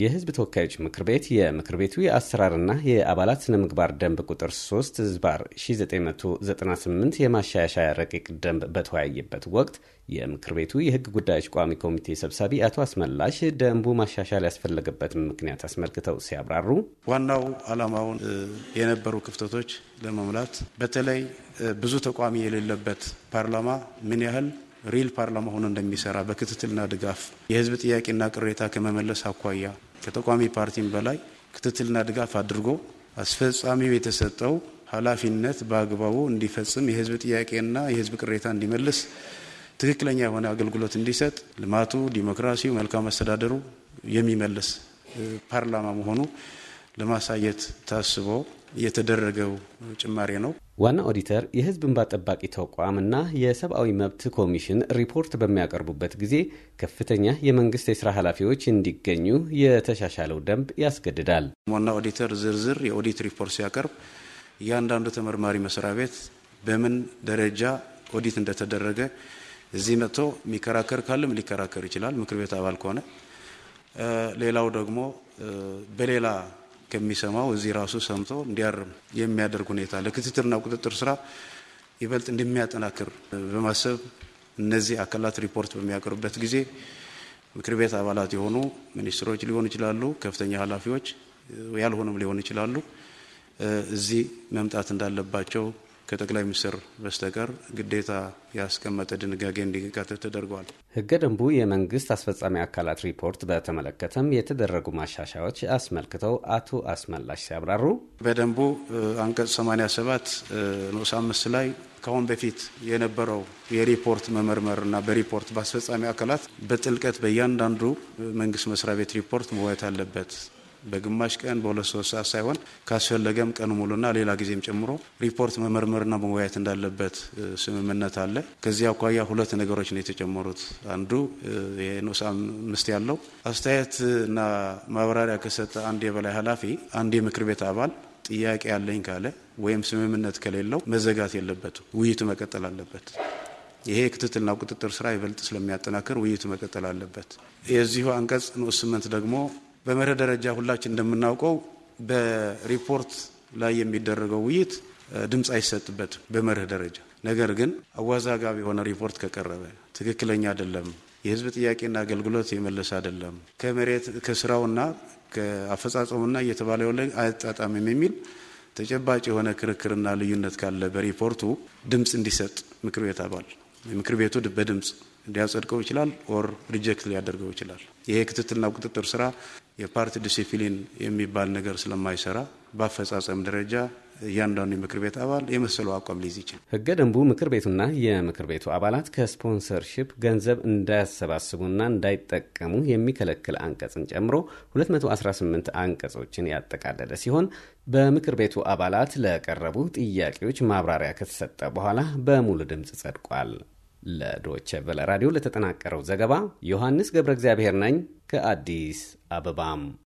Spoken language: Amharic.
የህዝብ ተወካዮች ምክር ቤት የምክር ቤቱ የአሰራርና የአባላት ስነ ምግባር ደንብ ቁጥር 3 ዝባር 1998 የማሻሻያ ረቂቅ ደንብ በተወያየበት ወቅት የምክር ቤቱ የህግ ጉዳዮች ቋሚ ኮሚቴ ሰብሳቢ አቶ አስመላሽ ደንቡ ማሻሻል ያስፈለገበትን ምክንያት አስመልክተው ሲያብራሩ ዋናው ዓላማውን የነበሩ ክፍተቶች ለመሙላት በተለይ ብዙ ተቋሚ የሌለበት ፓርላማ ምን ያህል ሪል ፓርላማ ሆኖ እንደሚሰራ በክትትልና ድጋፍ የህዝብ ጥያቄና ቅሬታ ከመመለስ አኳያ ከተቋሚ ፓርቲም በላይ ክትትልና ድጋፍ አድርጎ አስፈጻሚው የተሰጠው ኃላፊነት በአግባቡ እንዲፈጽም የህዝብ ጥያቄና የህዝብ ቅሬታ እንዲመልስ ትክክለኛ የሆነ አገልግሎት እንዲሰጥ ልማቱ፣ ዲሞክራሲው፣ መልካም አስተዳደሩ የሚመልስ ፓርላማ መሆኑ ለማሳየት ታስቦ የተደረገው ጭማሪ ነው። ዋና ኦዲተር የህዝብን እንባ ጠባቂ ተቋምና የሰብአዊ መብት ኮሚሽን ሪፖርት በሚያቀርቡበት ጊዜ ከፍተኛ የመንግስት የስራ ኃላፊዎች እንዲገኙ የተሻሻለው ደንብ ያስገድዳል። ዋና ኦዲተር ዝርዝር የኦዲት ሪፖርት ሲያቀርብ እያንዳንዱ ተመርማሪ መስሪያ ቤት በምን ደረጃ ኦዲት እንደተደረገ እዚህ መጥቶ የሚከራከር ካለም ሊከራከር ይችላል፣ ምክር ቤት አባል ከሆነ ሌላው ደግሞ በሌላ ከሚሰማው እዚህ ራሱ ሰምቶ እንዲያርም የሚያደርግ ሁኔታ ለክትትልና ቁጥጥር ስራ ይበልጥ እንደሚያጠናክር በማሰብ እነዚህ አካላት ሪፖርት በሚያቀርቡበት ጊዜ ምክር ቤት አባላት የሆኑ ሚኒስትሮች ሊሆኑ ይችላሉ፣ ከፍተኛ ኃላፊዎች ያልሆኑም ሊሆኑ ይችላሉ። እዚህ መምጣት እንዳለባቸው ከጠቅላይ ሚኒስትር በስተቀር ግዴታ ያስቀመጠ ድንጋጌ እንዲካተት ተደርጓል። ህገ ደንቡ የመንግስት አስፈጻሚ አካላት ሪፖርት በተመለከተም የተደረጉ ማሻሻያዎች አስመልክተው አቶ አስመላሽ ሲያብራሩ በደንቡ አንቀጽ 87 ንዑስ አምስት ላይ ከአሁን በፊት የነበረው የሪፖርት መመርመርና በሪፖርት በአስፈጻሚ አካላት በጥልቀት በእያንዳንዱ መንግስት መስሪያ ቤት ሪፖርት መዋየት አለበት በግማሽ ቀን በሁለት ሶስት ሰዓት ሳይሆን ካስፈለገም ቀን ሙሉና ሌላ ጊዜም ጨምሮ ሪፖርት መመርመርና መወያየት እንዳለበት ስምምነት አለ። ከዚህ አኳያ ሁለት ነገሮች ነው የተጨመሩት። አንዱ የንዑስ አምስት ያለው አስተያየት ማብራሪያ ከሰጠ አንድ የበላይ ኃላፊ አንድ የምክር ቤት አባል ጥያቄ ያለኝ ካለ ወይም ስምምነት ከሌለው መዘጋት የለበትም፣ ውይይቱ መቀጠል አለበት። ይሄ የክትትልና ቁጥጥር ስራ ይበልጥ ስለሚያጠናክር ውይይቱ መቀጠል አለበት። የዚሁ አንቀጽ ንዑስ ስምንት ደግሞ በመርህ ደረጃ ሁላችን እንደምናውቀው በሪፖርት ላይ የሚደረገው ውይይት ድምፅ አይሰጥበትም በመርህ ደረጃ። ነገር ግን አወዛጋቢ የሆነ ሪፖርት ከቀረበ ትክክለኛ አይደለም፣ የህዝብ ጥያቄና አገልግሎት የመለሰ አይደለም፣ ከመሬት ከስራውና ከአፈጻጸሙና እየተባለ የሆነ አያጣጣምም የሚል ተጨባጭ የሆነ ክርክርና ልዩነት ካለ በሪፖርቱ ድምፅ እንዲሰጥ ምክር ቤት አባል ምክር ቤቱ በድምፅ ሊያጸድቀው ይችላል ኦር ሪጀክት ሊያደርገው ይችላል። ይሄ ክትትልና ቁጥጥር ስራ የፓርቲ ዲሲፕሊን የሚባል ነገር ስለማይሰራ በአፈጻጸም ደረጃ እያንዳንዱ የምክር ቤት አባል የመሰለው አቋም ሊይዝ ይችላል። ህገ ደንቡ ምክር ቤቱና የምክር ቤቱ አባላት ከስፖንሰርሺፕ ገንዘብ እንዳያሰባስቡና እንዳይጠቀሙ የሚከለክል አንቀጽን ጨምሮ 218 አንቀጾችን ያጠቃለለ ሲሆን በምክር ቤቱ አባላት ለቀረቡ ጥያቄዎች ማብራሪያ ከተሰጠ በኋላ በሙሉ ድምፅ ጸድቋል። ለዶቸ ቨለ ራዲዮ ለተጠናቀረው ዘገባ ዮሐንስ ገብረ እግዚአብሔር ነኝ ከአዲስ አበባም